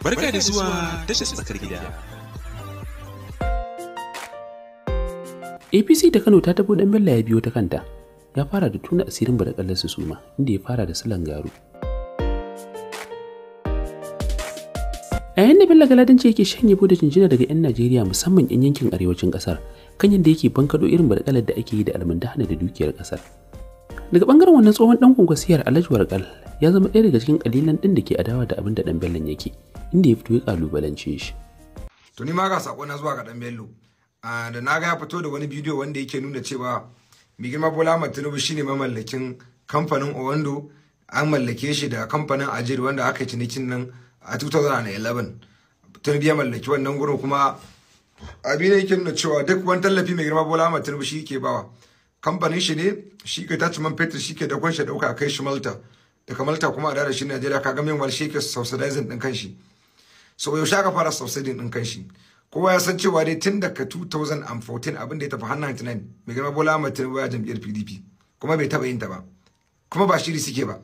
Barka da zuwa tashar tsakar gida. APC ta Kano ta tabo dan Bello ya biyo ta kanta. Ya fara da tuna asirin barakallar su suma inda ya fara da silan garu. A yayin da Bello Galadanci yake shanye bude jinjina daga 'yan Najeriya musamman 'yan yankin arewacin kasar kan yadda yake bankaɗo irin barakalar da ake yi da almundahana da dukiyar kasar. daga bangaren wannan tsohon dan kungasiyar alhaji warkal ya zama ɗaya daga cikin kalilan ɗin da ke adawa da abin da dan bello yake inda ya fito ya kalubalance shi to ni ma ga sako na zuwa ga dan bello da na ga ya fito da wani bidiyo wanda yake nuna cewa mai girma bola matinubu shine mamallakin kamfanin owando an mallake shi da kamfanin ajiri wanda aka cinikin nan a 2011 tun biya mallaki wannan gurin kuma abin da yake nuna cewa duk wani tallafi mai girma bola matinubu shi ke bawa kamfanin shi ne shi ke man fetur shi ke da kunshi dauka kai shi malta daga malta kuma a dara shi najeriya ka ga meanwhile shi ke subsidizing din kanshi so yaushe aka fara subsidizing din kanshi kowa ya san cewa dai tun daga 2014 abin da ya tafi har 99 mai girma bola mai tinubu ya jam'iyyar pdp kuma bai taba yin ta ba kuma ba shiri suke ba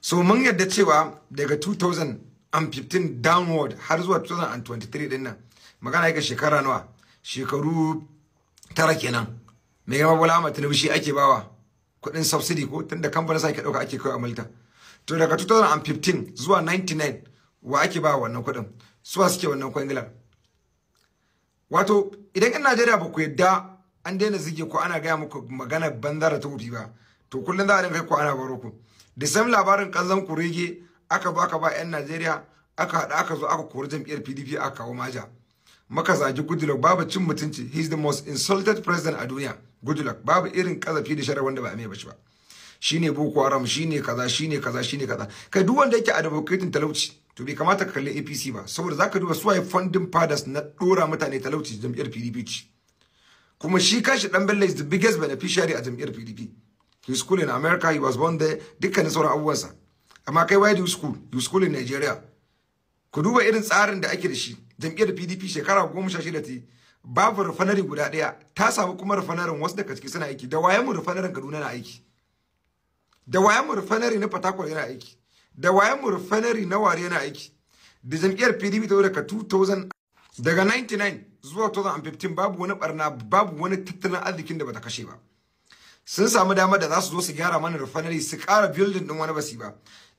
so mun yarda cewa daga 2015 downward har zuwa 2023 din nan magana yake shekara nawa shekaru tara kenan me gaba wala ma ake bawa kuɗin subsidy ko tunda kamfanin sa ke ɗauka ake kai amalta. to daga 2015 zuwa 99 wa ake bawa wannan kuɗin suwa suke wannan kwangila wato idan yan najeriya ba ku yadda an daina zige ko ana gaya muku magana banzara ta wofi ba to kullum za a dinga kai ko ana baro ku da sam labarin kanzan kurege aka baka ba yan najeriya aka haɗa aka zo aka kori jam'iyyar pdp aka kawo maja maka ji goodluck babu cin mutunci he is the most insulted president a duniya goodluck babu irin kazafi da sharar wanda ba a mai shi ba shine boko haram shine kaza shine kaza shine kaza kai duk wanda yake advocating talauci to bai kamata ka kalli APC ba saboda zaka duba su suwaye funding fathers na dora mutane talauci jam'iyyar PDP kuma shi kashi dan bella is the biggest beneficiary a jam'iyyar PDP his school in America he was born there dukkanin sauran abubuwansa amma kai why do you school you school in Nigeria ku duba irin tsarin da ake da shi jam'iyyar pdp shekara goma sha shida ta babu rufanari guda ɗaya ta samu kuma rufanarin wasu daga ciki suna aiki da wayanmu mu rufanarin kaduna na aiki da wayanmu mu rufanari na fatakwal yana aiki da wayanmu mu rufanari na ware yana aiki da jam'iyyar pdp ta daga 2000 daga 99 zuwa 2015 babu wani barna babu wani tattalin arzikin da bata kashe ba sun samu damar da za su zo su gyara mana rufanari su ƙara building din wani basi ba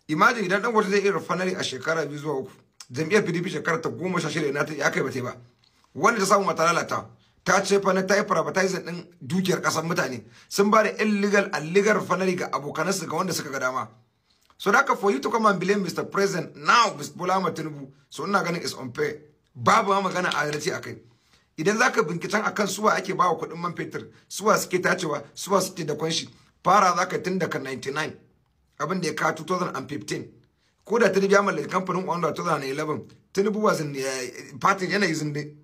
imagine idan dan wata zai iya rufanari a shekara biyu zuwa uku jami'ar pdp shekarar ta goma sha shida na ta ya kai ba ba wanda ta samu mata lalata ta ce fa na ta yi privatizing din dukiyar kasar mutane sun ba da illegal alligar fanari ga abokanansu ga wanda suka ga dama so da aka for you to come and mr president now mr bola tinubu so ina ganin is unfair babu ma magana adalci a kai idan zaka binciken akan suwa ake ba wa kuɗin man fetur suwa suke tacewa suwa suke da kwanshi fara zaka tun daga 99 abin da ya ka 2015 ko da tinubu ya mallaki kamfanin onda 2011 tinubu ba zin yana yanayi zinde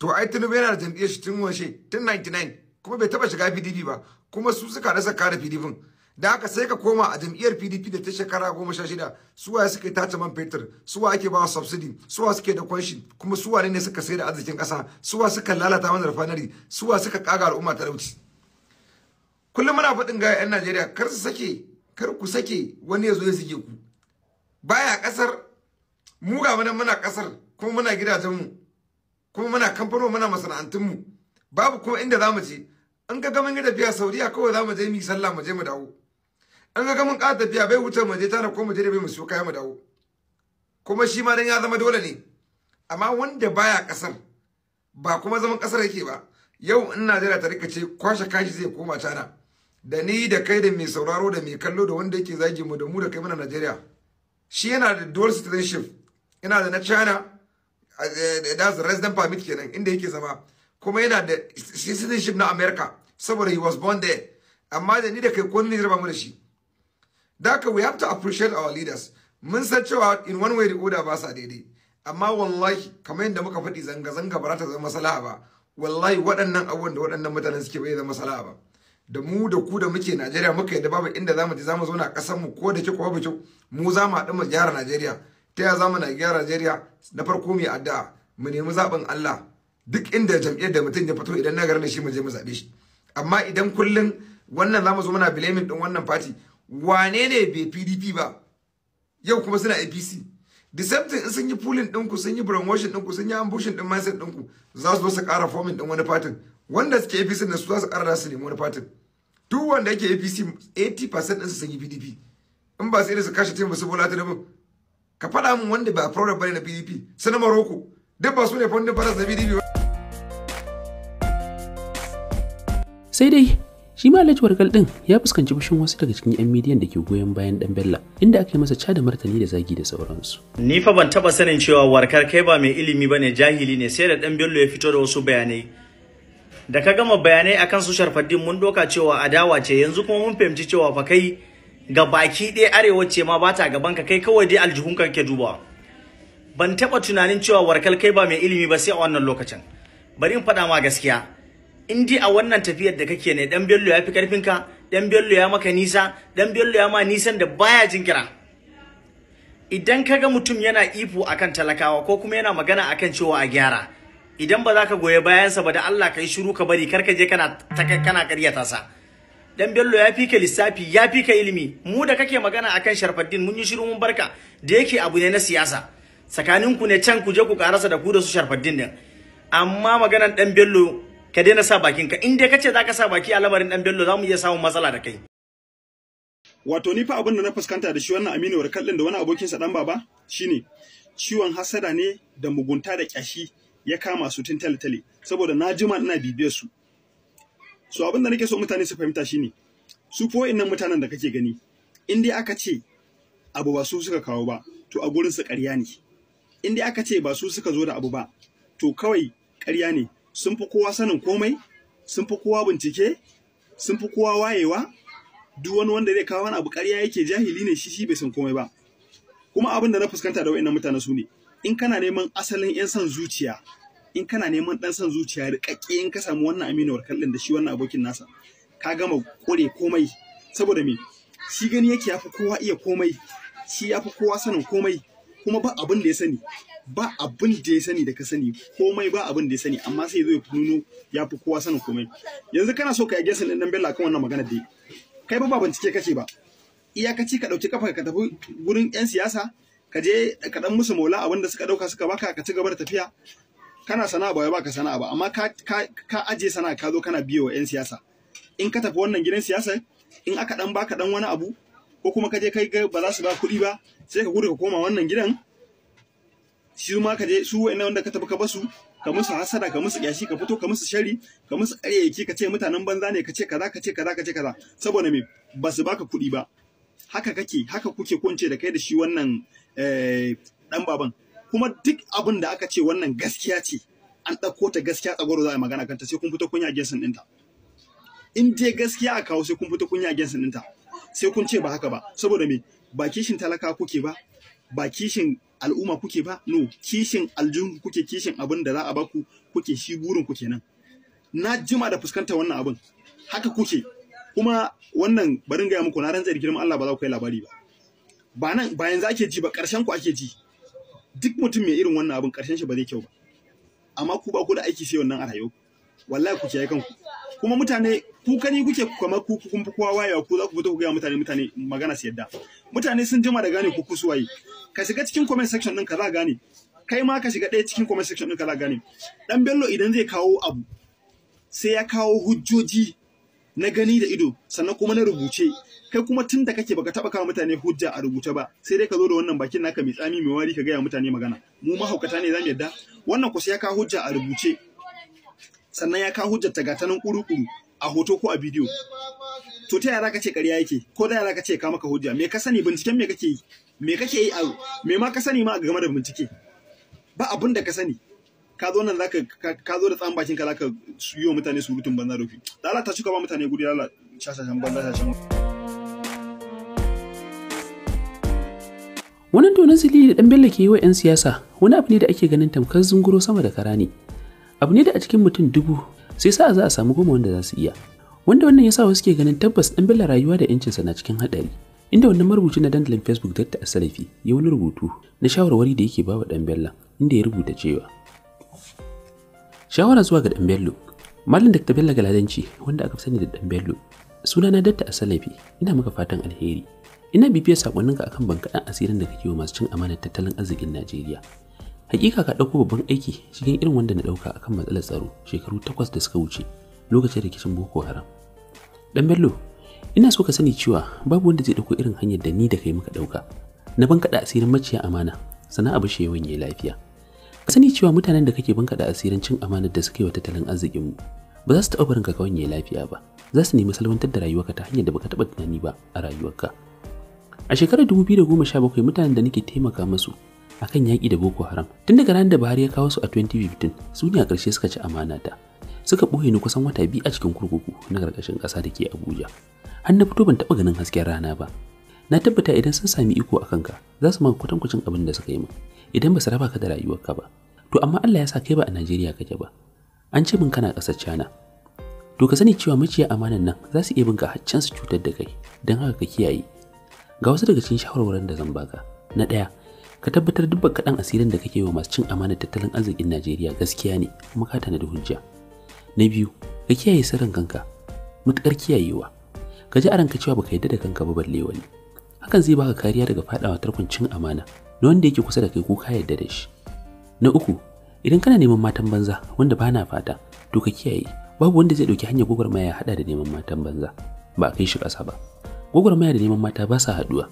to ai tinubu yana da jam'iyyar shi tun washe tun 99 kuma bai taba shiga pdp ba kuma su suka rasa kare pdp da aka sai ka koma a jam'iyyar pdp da ta shekara goma sha shida suwa suke tace man fetur suwa ake ba subsidy suwa suke da kwanshi kuma suwa ne suka sai da arzikin kasa suwa suka lalata mana rafanari suwa suka kaga al'umma talauci kullum muna faɗin ga 'yan najeriya kar su sake kar ku sake wani ya zo ya sike ku baya kasar mu ga muna muna kasar kuma muna gidajen mu kuma muna kamfano muna masana'antun mu babu kuma inda zamu je an ga mun gida tafiya Saudiya kawai zamu je mu mu je mu dawo An ga gamin kada tafiya bai wuce mu je tana ko mu je da bai mu siyo kaya mu dawo kuma shi ma dan ya zama dole ne amma wanda baya kasar ba kuma zaman kasar yake ba yau in Najeriya ta rika ce kwashe kashi zai koma tana. da ni da kai da mai sauraro da mai kallo da wanda yake zagi mu da mu da kai muna Najeriya shi yana da dual citizenship yana da na china eh, eh, that's the resident permit kenan inda yake zama kuma yana da citizenship na america saboda he was born there amma da ni da kai ko ne mu da shi daka we have to appreciate our leaders mun san cewa in one way the order ba sa daidai amma wallahi kamar yadda muka faɗi zanga-zanga ba za ta zama masala ba wallahi waɗannan abubuwan da waɗannan mutanen suke bai zama masala ba da mu da ku da muke Najeriya muka yadda babu inda zamu je zamu zauna ƙasar mu ko da ke ko babu ke mu za mu haɗu mu gyara Najeriya ta ya zamu na gyara Najeriya na farko mu addu'a mu nemi zaɓin Allah duk inda jam'iyyar da mutum ya fito idan na garin shi mu je mu zaɓe shi amma idan kullum wannan zamu zo muna blaming din wannan party wane ne bai PDP ba yau kuma suna APC the same thing in sun yi pulling ɗinku sun yi brainwashing ɗinku sun yi ambushin ɗin mindset ɗinku za su zo su ƙara forming ɗin wani fatin wanda suke APC da su za su ƙarara su nemi wani fatin duk wanda yake APC 80% ɗinsu sun yi PDP in ba sai da su kashe taimaka su bola da ka faɗa min wanda ba program bane na PDP su na Maroko duk ba su ne fundin faras na PDP sai dai shi ma Alhaji Wargal din ya fuskanci fushin wasu daga cikin 'yan midiyan da ke goyon bayan dan Bella inda aka yi masa ca da martani da zagi da sauransu. Ni fa ban taɓa sanin cewa warkar kai ba mai ilimi ne jahili ne sai da dan Bello ya fito da wasu bayanai da ka gama bayanai akan su sharfaddin mun doka cewa adawa ce yanzu kuma mun fahimci cewa fa kai ga baki ɗaya arewa ce ma bata gaban ka kai kawai dai aljihun ka ke duba. ban taɓa tunanin cewa warkal kai ba mai ilimi ba sai a wannan lokacin bari in faɗa ma gaskiya in dai a wannan tafiyar da kake ne dan bello ya fi karfin ka dan bello ya maka nisa dan bello ya ma nisan da baya jinkira idan kaga mutum yana ifo akan talakawa ko kuma yana magana akan cewa a gyara idan ba za ka goya bayansa ba da Allah kai shiru ka bari kar ka je kana kana karyata sa dan bello ya fi ka lissafi ya ka ilimi mu da kake magana akan sharfaddin mun yi shiru mun barka da yake abu ne na siyasa tsakanin ku ne can ku je ku karasa da ku da su sharfaddin din amma maganan dan bello ka daina sa bakin ka in dai kace zaka sa baki a lamarin dan bello zamu iya samun matsala da kai wato ni fa abin da na fuskanta da shi wannan Aminu Warkal din da wani abokin sa dan baba shine ciwon hasada ne da mugunta da kyashi ya kama su tun tale saboda na jima ina bibiyar su so abin da nake so mutane su fahimta shine su fo innan mutanen da kake gani in dai aka ce abu ba su suka kawo ba to a gurin su ƙarya ne in dai aka ce ba su suka zo da abu ba to kawai ƙarya ne sun fi kowa sanin komai sun fi kowa bincike sun fi kowa wayewa duk wani wanda zai kawo wani abu ƙarya yake jahili ne shi shi bai san komai ba kuma abin da na fuskanta da wa'annan mutane su ne in kana neman asalin 'yan son zuciya in kana neman ɗan son zuciya rikakke in ka samu wannan aminu warkar din da shi wannan abokin nasa ka gama kure komai saboda me shi gani yake yafi kowa iya komai shi yafi kowa sanin komai kuma ba abin da ya sani ba abin da ya sani da ka sani komai ba abin da ya sani amma sai zai ya nuno ya fi kowa sanin komai yanzu kana so ka yi gesin ɗin bella kan wannan magana dai kai ba ba bincike kace ba iyakaci ka ɗauki kafa ka tafi gurin 'yan siyasa ka je ka dan musu mola abin da suka dauka suka baka ka ci gaba da tafiya kana sana'a ba wai baka sana'a ba amma ka ka aje sana'a ka zo kana biyo wa yan siyasa in ka tafi wannan gidan siyasa in aka dan baka dan wani abu ko kuma ka je kai ba za su ba kuɗi ba sai ka gudu ka koma wannan gidan su ma ka je su wa'annan wanda ka tafi ka basu ka musu hasada ka musu kyashi ka fito ka musu shari ka musu ƙaryayyaki ka ce mutanen banza ne ka ce kaza ka ce kaza ka ce kaza saboda me ba su baka kuɗi ba haka kake haka kuke kwance da kai da shi wannan Eh, dan baban kuma duk abin da aka ce wannan gaskiya ce an ɗauko ta gaskiya tsagoro za a yi magana kanta sai kun fito kun yi ɗinta in dai gaskiya a kawo sai kun fito kun yi ɗinta sai kun ce ba haka ba saboda me ba kishin talaka kuke ba ba kishin al'umma kuke ba no kishin aljun kuke kishin abin da za a baku kuke shi burin kuke nan? na jima da fuskanta wannan abin haka kuke kuma wannan barin gaya muku na rantsar girman Allah ba za ku kai labari ba ba nan ba yanzu ake ji ba ƙarshen ku ake ji duk mutum mai irin wannan abin ƙarshen shi ba zai kyau ba amma ku ba ku da aiki sai wannan a rayuwa wallahi ku kiyaye kanku kuma mutane ku kani kuke kuma ku kun fi kowa wayewa ku za ku fito ku ga mutane mutane magana su yadda mutane sun jima da gane ku ku suwaye ka shiga cikin comment section din ka za gane kai ma ka shiga ɗaya cikin comment section din ka za gane dan bello idan zai kawo abu sai ya kawo hujjoji na gani da ido sannan kuma na rubuce kai kuma tun da kake baka taba kawo mutane hujja a rubuce ba sai dai ka zo da wannan bakin naka mai tsami mai wari ka gaya mutane magana mu ma Haukata ne zamu yadda wannan ku sai ya kawo hujja a rubuce sannan ya kawo hujjar ta gatanan kuru-kuru a hoto ko a bidiyo to ta yara kace ƙarya yake ko da yara kace ka maka hujja me ka sani binciken me kake yi me kake yi a me ma ka sani ma game da bincike ba abin da ka sani ka zo nan zaka ka zo da tsan bakin ka zaka yi wa mutane surutun banza da fi ta shi ba mutane guri lalata shashashan banza shashashan wani tonon sili da dan bello ke yi wa 'yan siyasa wani abu ne da ake ganin tamkar zunguro sama da kara ne abu ne da a cikin mutum dubu sai sa za a samu goma wanda za su iya wanda wannan yasa wasu ke ganin tabbas dan bella rayuwa da yancinsa na cikin haɗari inda wannan marubuci na dandalin facebook dr asalafi ya wani rubutu na shawarwari da yake bawa dan bella inda ya rubuta cewa shawara zuwa ga dan bello malam dr bello galadanci wanda aka sani da dan bello na datta a asalafi ina maka fatan alheri ina bibiyar sakonninka akan bankaɗan asirin da kake yi masu cin amanar tattalin arzikin najeriya hakika ka ɗauko babban aiki cikin irin wanda na ɗauka akan matsalar tsaro shekaru takwas da suka wuce lokacin rikicin boko haram dan bello ina so ka sani cewa babu wanda zai ɗauko irin hanyar da ni da kai muka ɗauka na bankaɗa asirin maciya amana sana'a bashi yawan yayi lafiya sani cewa mutanen da kake banka da asirin cin amanar da suka yi wa tattalin arzikin mu ba za su taɓa barin ka kawai yayi lafiya ba za su nemi salwantar da rayuwarka ta hanyar da baka taɓa tunani ba a rayuwarka a shekarar 2017 mutanen da nake taimaka musu akan yaki da Boko Haram tun daga ranar da Buhari ya kawo su a 2015 su ne a ƙarshe suka ci amana ta suka ɓoye ni kusan wata biyu a cikin kurkuku na ƙarƙashin ƙasa da ke Abuja har na fito ban taɓa ganin hasken rana ba na tabbata idan sun sami iko a kanka za su maka kwatankwacin abin da suka yi min idan ba su raba ka da rayuwarka ba to amma Allah ya sa kai ba a Najeriya kake ba an ce min kana ƙasar China to ka sani cewa maciya amanan nan za su iya bin ka can su cutar da kai don haka ka kiyaye ga wasu daga cikin shawarwarin da zan baka na ɗaya ka tabbatar duk kaɗan asirin da kake wa masu cin amanar tattalin arzikin Najeriya gaskiya ne kuma ka tanadi hujja na biyu ka kiyaye sirrin kanka matuƙar kiyayewa ka ji aranka cewa baka yadda da kanka ba balle wani hakan zai baka kariya daga faɗawa tarkon cin amana na wanda yake kusa da kai ko ka yadda da shi na uku idan kana neman matan banza wanda ba na fata to ka kiyaye babu wanda zai ɗauki hanyar maya ya haɗa da neman matan banza ba kai shi ƙasa ba maya da neman mata ba sa haɗuwa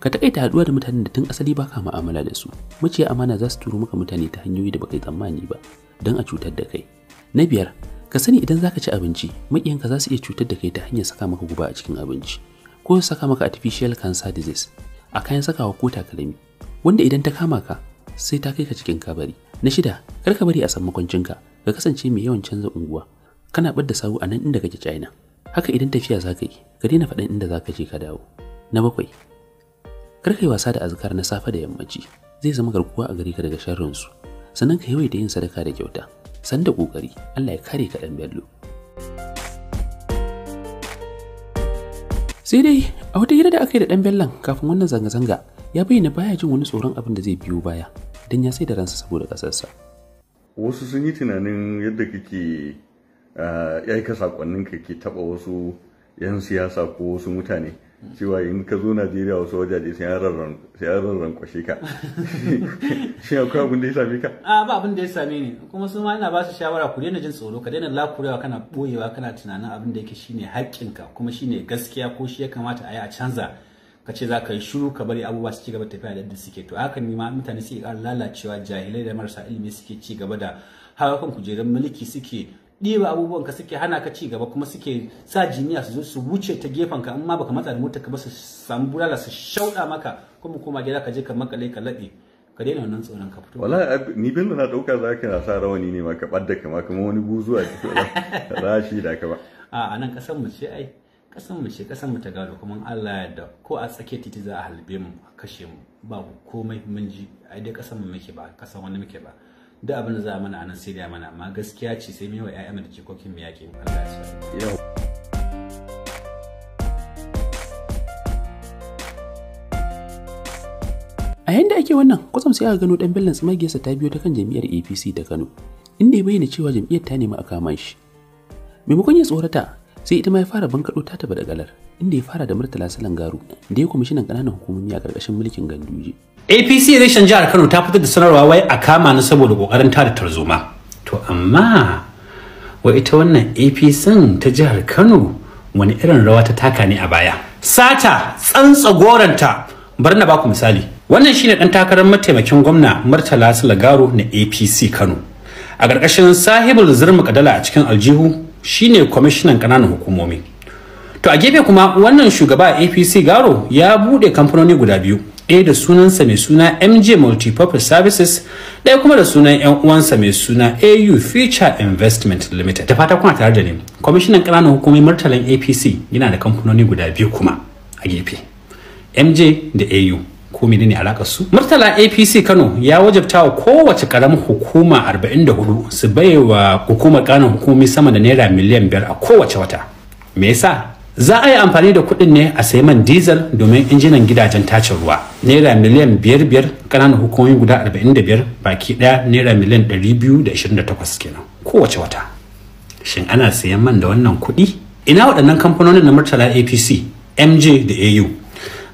ka taƙaita haɗuwa da mutanen da tun asali ba ka mu'amala da su maciya amana za su turo maka mutane ta hanyoyi da baka tsammani ba don a cutar da kai na biyar ka sani idan zaka ci abinci ka za su iya cutar da kai ta hanyar saka maka guba a cikin abinci ko saka maka artificial cancer disease a kayan sakawa ko takalmi wanda idan ta kama ka sai ta kai ka cikin kabari na shida kar ka bari a san makwancinka ka kasance mai yawan canza unguwa kana bar da sawu a nan inda kake china haka idan tafiya za ka yi ka daina faɗin inda za ka je ka dawo na bakwai kar ka yi wasa da azkar na safe da yammaci zai zama garkuwa a gari ka daga sharrinsu sannan ka yawaita yin sadaka da kyauta san da kokari Allah ya kare ka dan bello sai dai a wata hira da aka yi da dan bellon kafin wannan zanga-zanga ya bayyana baya jin wani tsoron abin da zai biyo baya don ya sai da ransa saboda kasarsa. wasu sun yi tunanin yadda kake yi sakonnin ka ke taba wasu 'yan siyasa ko wasu mutane cewa in ka zo najeriya wasu wajaje sai an rarran kwashe ka shi akwai abin da ya same ka a ba abin ya same ni kuma su ma ina ba su shawara ku daina jin tsoro ka daina lakurewa kana boyewa kana tunanin abin da yake shine haƙƙinka kuma shine gaskiya ko shi ya kamata a yi a canza ka ce za ka yi shiru ka bari abubuwa su ci gaba tafiya da yadda suke to haka ne ma mutane suke ƙara lalacewa jahilai da marasa ilimi suke ci gaba da hawakan kujerun mulki suke ɗiba abubuwan ka suke hana ka ci gaba kuma suke sa jiniya su zo su wuce ta gefen ka amma baka matsa da motar ka ba su samu bulala su shauɗa maka kuma koma gida ka je ka makale ka laɗe ka daina wannan tsoron ka fito wala ni bello na dauka za ka na sa rawani ne ma ka ɓadda kama kuma wani buzu a cikin rashi da ka ba a nan kasan mu ce ai kasan mu ce kasan mu ta gado kuma Allah ya da ko a tsake titi za a halbe mu a kashe mu ba komai mun ji ai dai kasan mu muke ba kasan wani muke ba da abin za a mana anan sai da mana amma gaskiya ce sai mai yi wa mu da jikokin mu yake Allah ya sa a yanda ake wannan kwatsam sai aka gano dan bellan magiyarsa ta biyo ta kan Jami'ar apc ta kano inda ya bayyana cewa jam'iyyar ta nemi a kama shi maimakon ya tsorata sai ita ma ya fara bankaɗo ta taba da galar inda ya fara da murtala salan garu da ya kwamishinan ƙananan hukumomi a ƙarƙashin mulkin ganduje apc reshen jihar kano ta fitar da sanarwa wai a kama ni saboda ƙoƙarin tada tarzoma to amma wa ita wannan apc ta jihar kano wani irin rawa ta taka ne a baya sata tsantsa goranta bari na baku misali wannan shine dan takarar mataimakin gwamna murtala garu na apc kano a ƙarƙashin sahibul zurmuka dala a cikin aljihu shine kwamishinan kananan hukumomi to a gefe kuma wannan shugaba apc garo ya bude kamfanoni guda biyu ɗaya da sunansa mai suna mj multipurpose services ɗaya kuma da sunan yan uwansa mai suna au future investment limited da fata kuna tare da ni kwamishinan ƙananan hukumomi martalan apc yana da kamfanoni guda biyu kuma a gefe mj da au ko menene alakar su murtala apc kano ya wajabta wa kowace karamar hukuma 44 su baiwa hukumar kanin hukumi sama da naira miliyan biyar a kowace wata me yasa za a yi amfani da kuɗin ne a sayi man diesel domin injinan gidajen tacin ruwa naira miliyan biyar kananan hukumomi guda 45 baki ɗaya naira miliyan 228 kenan kowace wata shin ana sayan man da wannan kuɗi ina waɗannan kamfanonin na murtala apc mj da au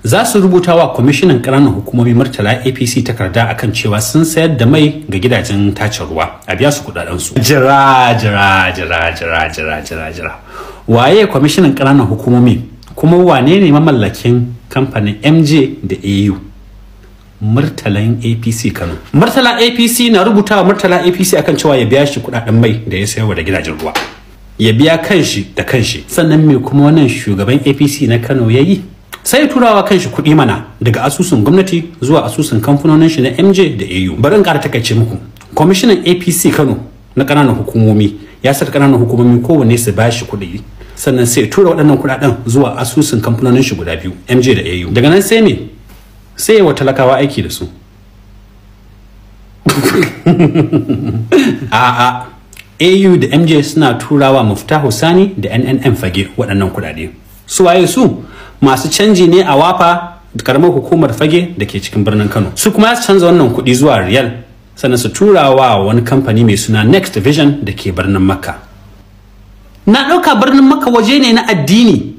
za su rubuta wa kwamishinan ƙananan hukumomi murtala apc takarda akan cewa sun sayar da mai ga gidajen tace ruwa a biya su kudadensu jira jira jira jira jira jira jira waye kwamishinan ƙananan hukumomi kuma wane ne mamallakin kamfanin mj da au murtalan apc kano murtala apc na rubuta wa murtala apc akan cewa ya biya shi kudaden mai da ya sayarwa da gidajen ruwa ya biya kanshi da kanshi sannan me kuma wannan shugaban apc na kano ya yi sai turawa kan shi kuɗi mana daga asusun gwamnati zuwa asusun kamfanonin shi na mj da au bari in ƙara takaice muku kwamishinan apc kano na ƙananan hukumomi ya saka ƙananan hukumomi kowanne su ba shi kuɗi sannan sai tura waɗannan kuɗaɗen zuwa asusun kamfanonin shi guda biyu mj da au daga nan sai me sai yawa talakawa aiki da su a'a au da mj suna turawa mafita sani da nnm fage waɗannan kuɗaɗe su waye su masu canji ne a wafa karamar hukumar fage da ke cikin birnin kano su kuma ya canza wannan kuɗi zuwa riyal sannan su tura wa wani kamfani mai suna next vision da ke birnin makka na ɗauka birnin makka waje ne na addini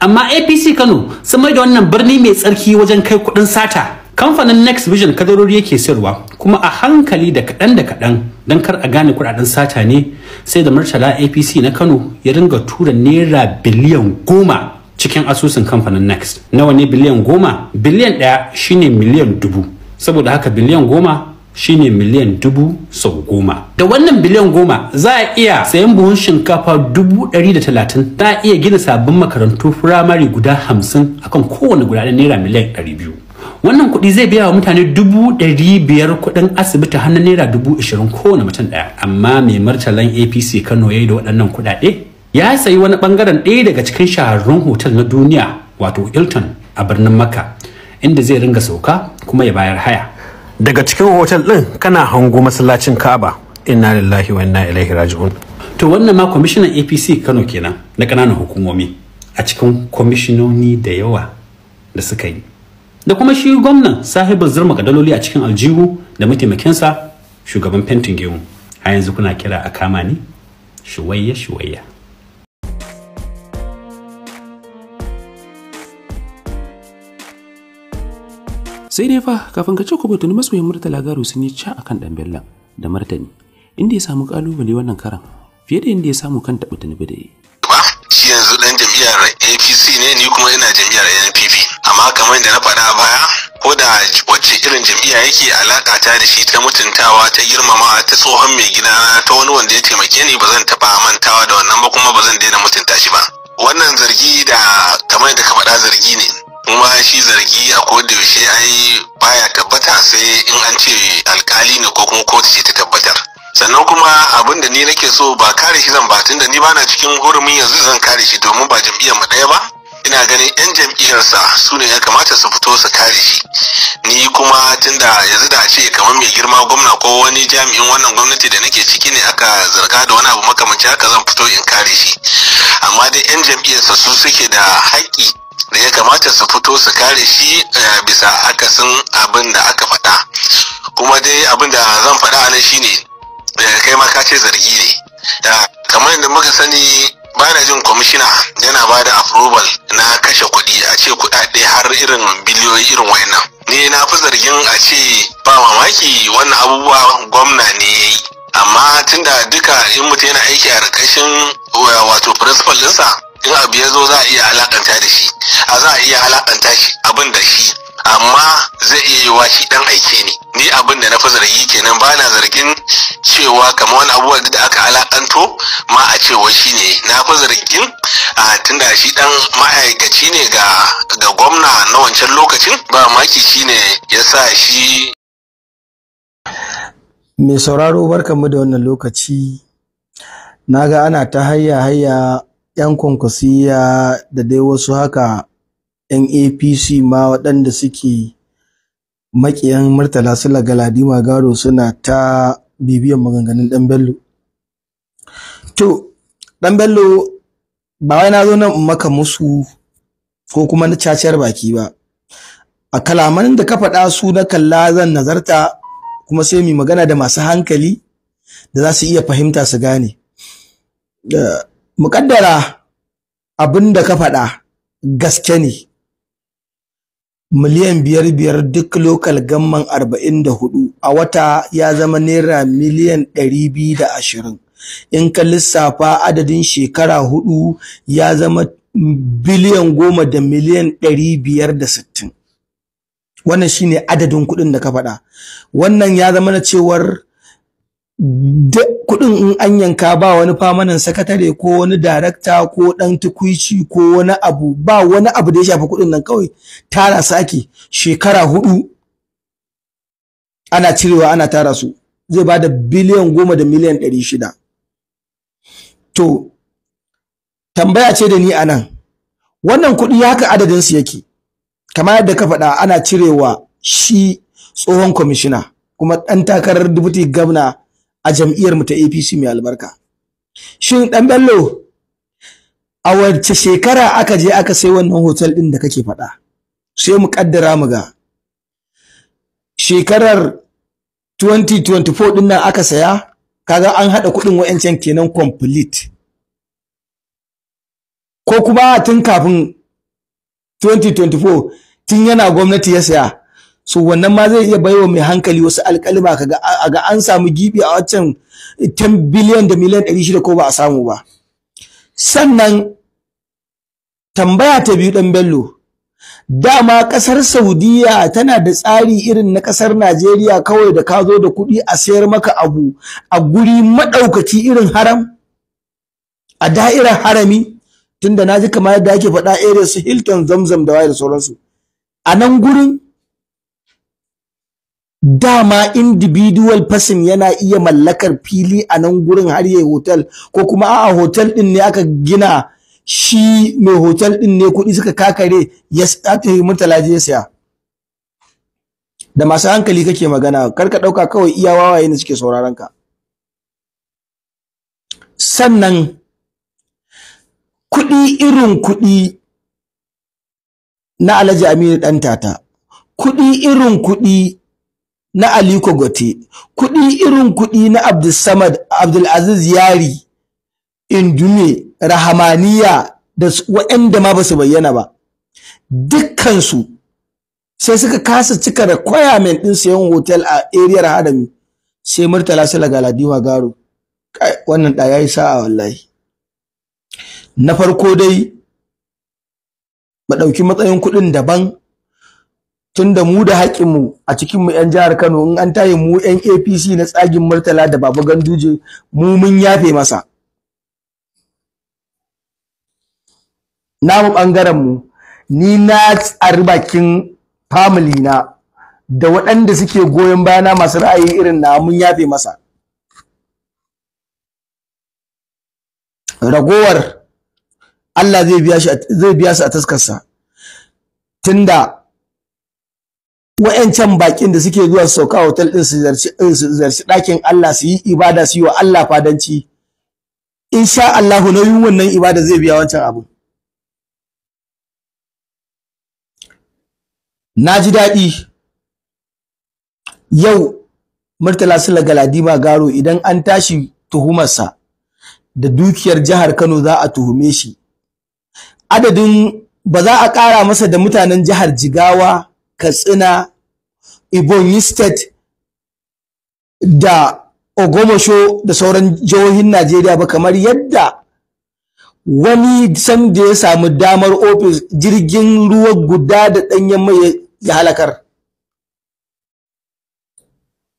amma apc kano sun mai da wannan birni mai tsarki wajen kai kuɗin sata kamfanin next vision kadarori yake sayarwa kuma a hankali da kaɗan da kaɗan don kar a gane kuɗaɗen sata ne sai da murtala apc na kano ya ringa tura naira biliyan goma cikin asusun kamfanin next nawa ne biliyan goma biliyan ɗaya shine miliyan dubu saboda haka biliyan goma shine miliyan dubu sau goma da wannan biliyan goma za a iya sayan buhun shinkafa dubu ɗari da talatin za a iya gina sabbin makarantu firamare guda hamsin akan kowane guda na naira miliyan ɗari biyu wannan kuɗi zai biya wa mutane dubu ɗari biyar kuɗin asibiti hannun naira dubu ashirin kowane mutum ɗaya amma mai martalan apc kano ya yi da waɗannan kuɗaɗe ya sayi wani bangaren ɗaya daga cikin shahararrun hotel na duniya wato hilton a birnin makka inda zai ringa sauka kuma ya bayar haya daga cikin hotel ɗin kana hango masallacin ka'aba inna lillahi wa inna ilaihi raji'un to wannan ma kwamishinan apc kano kenan na ƙananan hukumomi a cikin kwamishinoni da yawa da suka yi da kuma shi gwamnan sahibin zurma kadaloli a cikin aljihu da mataimakinsa shugaban fentin gemu a yanzu kuna kira a kama ni shuwayya shuwayya sai dai fa kafin ka ce ku tuni yin murtala lagaru sun yi ca akan dan bellan da martani inda ya samu kalubale wannan karan fiye da inda ya samu kan taɓa tuni da yi. shi yanzu dan jam'iyyar apc ne ni kuma ina jam'iyyar npp amma kamar da na faɗa a baya ko da wacce irin jam'iyya yake alaƙa ta da shi ta mutuntawa ta girmama ta tsohon mai gida ta wani wanda ya taimake ni ba zan taɓa mantawa da wannan ba kuma ba zan daina mutunta shi ba wannan zargi da kamar da ka faɗa zargi ne dama shi zargi a koda yaushe ai baya tabbata sai in an ce alkali ne ko kuma kotu ce ta tabbatar sannan kuma abin da ni nake so ba kare shi zan ba tunda ni bana cikin hurumin yanzu zan kare shi domin ba jam'iyyar mu ɗaya ba ina ganin yan jam'iyyarsa su ne ya kamata su fito su kare shi ni kuma tunda yanzu da ce kamar mai girma gwamna ko wani jami'in wannan gwamnati da nake ciki ne aka zarga da wani abu makamanci haka zan fito in kare shi amma dai yan jam'iyyarsa su suke da haƙƙi da ya kamata su fito su kare shi eh, bisa akasin abin da aka faɗa kuma dai abin da zan faɗa nan shine eh, kai ma ka ce zargi ne kamar yadda muka sani bana jin kwamishina yana ba da afrobal. na kashe kuɗi a ce kuɗaɗe har irin biliyoyi irin wayannan ni na fi zargin a ce ba mamaki wannan abubuwa gwamna ne ya yi amma tunda duka in mutum yana aiki a ƙarƙashin eh, wato principal ɗinsa in abu ya zo za a iya alakanta da shi a za a iya alakanta shi abin da shi amma zai iya yiwa shi dan aike ne ni abin da na fi zargi kenan ba na zargin cewa kamar wani abubuwa da aka alakanto ma a cewa shi ne na fi zargin a tunda shi dan ma'aikaci ne ga gwamna na wancan lokacin ba maki shi ne ya sa shi mai sauraro barkanmu da wannan lokaci na ga ana ta hayya hayya 'yan kwankwasiya da dai wasu haka 'yan apc ma waɗanda suke makiyan murtala sula galadima garo suna ta bibiyan maganganun ɗan bello to ɗan bello ba wai na zo nan in maka musu ko kuma na caciyar baki ba a kalaman da ka faɗa su na kalla zan nazarta kuma sai mu magana da masu hankali da za su iya fahimta su gane muƙaddara abin da ka faɗa gaske ne miliyan biyar biyar duk lokal gamman arba'in da hudu a wata ya zama naira miliyan ɗari biyu da ashirin in ka lissafa adadin shekara hudu ya zama biliyan goma da miliyan ɗari biyar da sittin wannan shine adadin kuɗin da ka faɗa wannan ya zama na cewar kudin in an yanka ba wani famanin sakatare ko wani darakta ko dan tukuici ko wani abu ba wani abu da ya shafi kudin nan kawai tara su ake shekara hudu ana cirewa ana tara su zai ba da biliyan goma da miliyan ɗari shida to tambaya ce da ni a nan wannan kuɗi haka su yake kamar yadda ka faɗa ana cirewa shi tsohon kwamishina kuma ɗan takarar dubuti gwamna a jam'iyyar mu ta APC mai albarka shin dan bello a wace shekara aka je aka sai wannan hotel ɗin da kake faɗa sai mu ƙaddara mu ga shekarar 2024 din nan aka saya kaga an hada kudin wayancan kenan complete ko kuma tun kafin 2024 tun yana gwamnati ya saya so wannan ma zai iya baiwa mai hankali wasu alƙalima kaga ga an samu gibi a waccan 10 biliyan da miliyan 600 ko ba a samu ba sannan tambaya ta biyu dan bello dama kasar saudiya tana da tsari irin na kasar najeriya kawai da ka zo da kuɗi a sayar maka abu a guri maɗaukaci irin haram a da'irar harami tunda na ji kamar yadda ake faɗa irin su hilton zamzam da waye da sauransu a nan gurin dama individual person yana iya mallakar fili a nan gurin har yayi hotel ko kuma a'a hotel din ne aka gina shi mai hotel din ne kuɗi suka kakare ya Murtala yi mutala je siya da masu hankali kake magana kar ka ɗauka kawai iya wawaye ne suke sauraron ka sannan kuɗi irin kuɗi na Alhaji Aminu ɗan tata kuɗi irin kuɗi na Aliko Gote, kuɗi irin kuɗi na Abdul Aziz Yari, Indume, Rahamaniya da waɗanda ma ba su bayyana ba. Dukkansu sai suka kasa cika requirement ɗin sayan hotel a eriyar Hadami sai Murtala Sala wa Garo. Wannan da ya sa'a wallahi. Na farko dai, ba ɗauki matsayin kuɗin daban tunda mu da haƙƙinmu a cikinmu 'yan jihar Kano in an tayi mu 'yan APC na tsagin Murtala da Baba Ganduje mu mun yafe masa namu ɓangaren mu ni na tsari bakin family na da waɗanda suke goyon bayana masu ra'ayi irin na mun yafe masa ragowar Allah zai biya zai biya su a taskarsa tunda wa'yancan bakin da suke zuwa su sauka hotel ɗin su zarci ɗakin Allah su yi ibada su yi wa Allah fadanci insha Allah nauyin wannan ibada zai biya wancan abu na ji daɗi yau Murtala Sula Galadima Garo idan an tashi tuhumarsa da dukiyar jihar Kano za a tuhume shi adadin ba za a ƙara masa da mutanen jihar Jigawa katsina Ebonyi state da ogomosho da sauran jihohin najeriya ba kamar yadda wani san da ya samu damar ofis jirgin ruwa guda da ɗanyen mai ya halakar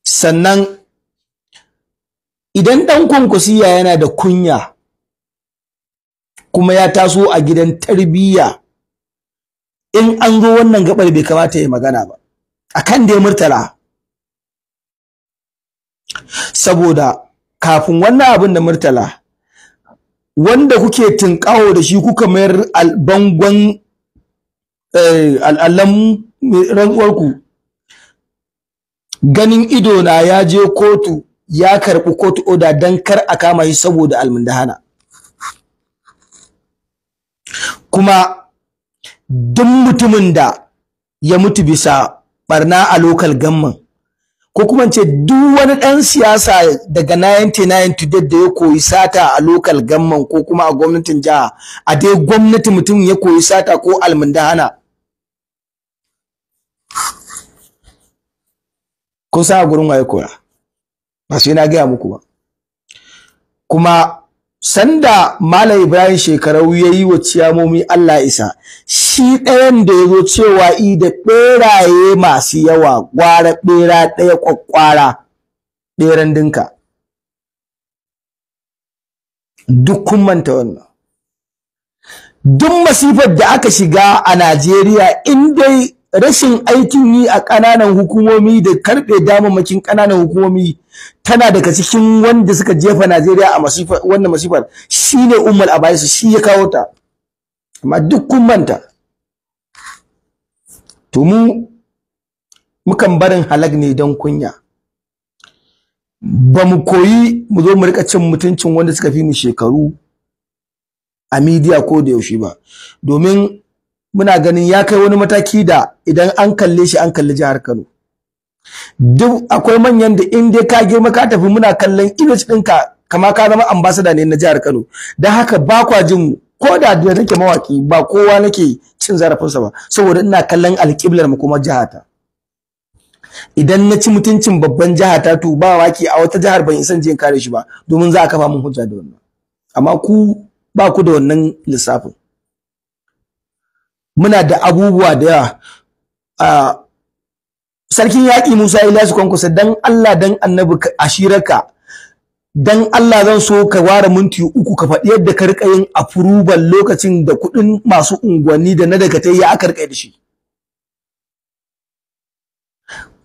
sannan idan ɗan kwankwasiya yana da kunya kuma ya taso a gidan tarbiyya in an zo wannan gabar bai kamata ya magana ba akan da ya murtala saboda kafin wannan abin da murtala wanda kuke tunkawo da shi kuka mayar albangon eh, al'allan rantsuwarku ganin ido na ya je kotu ya karɓi kotu oda don kar a kama shi saboda almundahana kuma duk mutumin da ya mutu bisa barna a lokal gamman ko kuma ce duk wani ɗan siyasa daga 99 to da ya koyi sata a lokal gamman ko kuma a gwamnatin jiha a dai gwamnati mutum ya koyi sata ko almundahana kun sa a gurin waye koya ba yi na gaya muku ba kuma sanda Malam Ibrahim shekarau ya yi wa ciyamomi Allah isa shi ɗayan da ya zo cewa i da ɓeraye masu yawa gwara ɓera ɗaya ƙwaƙwara ɓeran dinka duk kun manta wannan duk masifar da aka shiga a Najeriya in dai rashin aikin yi a ƙananan hukumomi da karɓe damammakin ƙananan hukumomi tana daga cikin wanda suka jefa Najeriya a masifa wannan masifar shine Ummul Abayis shi ya kawo ta amma duk kun manta to mu mukan barin halag ne don kunya ba mu koyi mu zo mu rika cin mutuncin wanda suka fi mu shekaru a media ko da yaushe ba domin muna ganin ya kai wani mataki da idan an kalle shi an kalli jihar Kano duk akwai manyan da in dai ka girma ka tafi muna kallon image ɗinka kama ka zama ambasada ne na jihar Kano don haka ba kwa jin ko da da nake mawaki ba kowa nake cin zarafinsa ba saboda ina kallon alƙiblar mu kuma jihata idan na ci mutuncin babban jihata to ba waki a wata jihar ban isan jin kare shi ba domin za a kafa mun hujja da wannan amma ku ba ku da wannan lissafin muna da abubuwa da yawa sarkin yaƙi Musa ya Ilyasu kwankwasa dan Allah dan annabi ashiraka dan Allah zan so ka ware minti uku ka faɗi yadda ka riƙa yin approval lokacin da kuɗin masu unguwanni da na dagatai ya aka riƙa da shi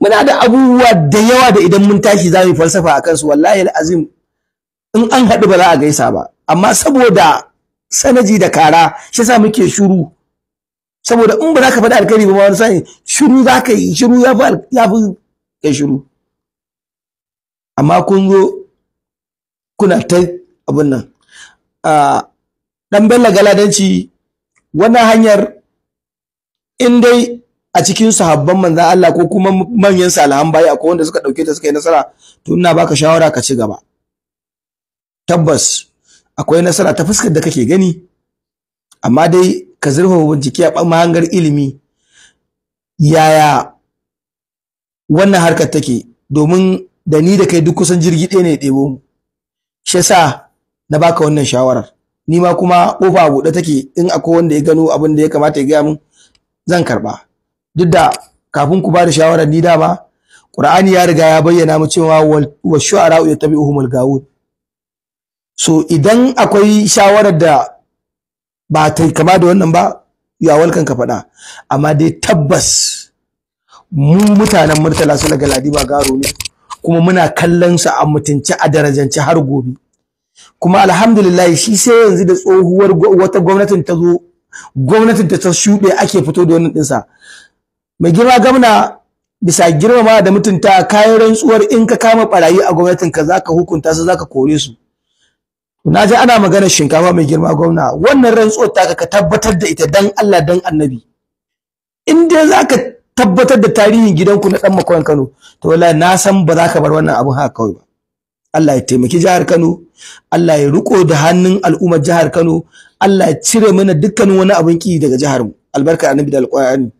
muna da abubuwa da yawa da idan mun tashi za mu falsafa a kansu wallahi azim in an haɗu ba za a gaisa ba amma saboda sanaji da kara shi yasa muke shuru saboda in ba za ka faɗi alkari ba ma wani sani shiru za ka yi shiru ya fi ya shiru amma kun zo kuna ta abin nan ɗan bella galadanci wannan hanyar in dai a cikin sahabban manza Allah ko kuma manyan salahan baya ko wanda suka ɗauke ta suka yi nasara to ina baka shawara ka ci gaba tabbas akwai nasara ta fuskar da kake gani amma dai ka zurfafa bincike a mahangar ilimi yaya wannan harkar take domin da ni da kai duk kusan jirgi ɗaya ne ɗebo mu shi yasa na baka wannan shawarar ni ma kuma kofa a buɗe take in akwai wanda ya gano abin da ya kamata ya gaya min zan karɓa duk da kafin ku ba da shawarar ni dama Qur'ani ya riga ya bayyana mu cewa wa shu'ara ya tafi al-gawun so idan akwai shawarar da ba ta yi kama da wannan ba ya walkan ka faɗa amma dai tabbas mu mutanen murtala su daga ladiba garo ne kuma muna kallon su a mutunci a darajance har gobe kuma alhamdulillah shi sai yanzu da tsohuwar wata gwamnatin ta zo gwamnatin ta shuɗe ake fito da wannan ɗinsa mai girma gwamna bisa girmama da mutunta kayan rantsuwar in ka kama barayi a gwamnatin ka zaka hukunta su zaka kore su na ji ana maganar shinkafa mai girma gwamna wannan rantsuwar taka ka tabbatar da ita dan Allah dan annabi in dai ka tabbatar da tarihin gidanku na dan makon Kano to wallahi na san ba za ka bar wannan abun haka kawai ba Allah ya taimaki jihar Kano Allah ya riko da hannun al'ummar jihar Kano Allah ya cire mana dukkan wani abin ki daga jihar mu albarka annabi da alqur'ani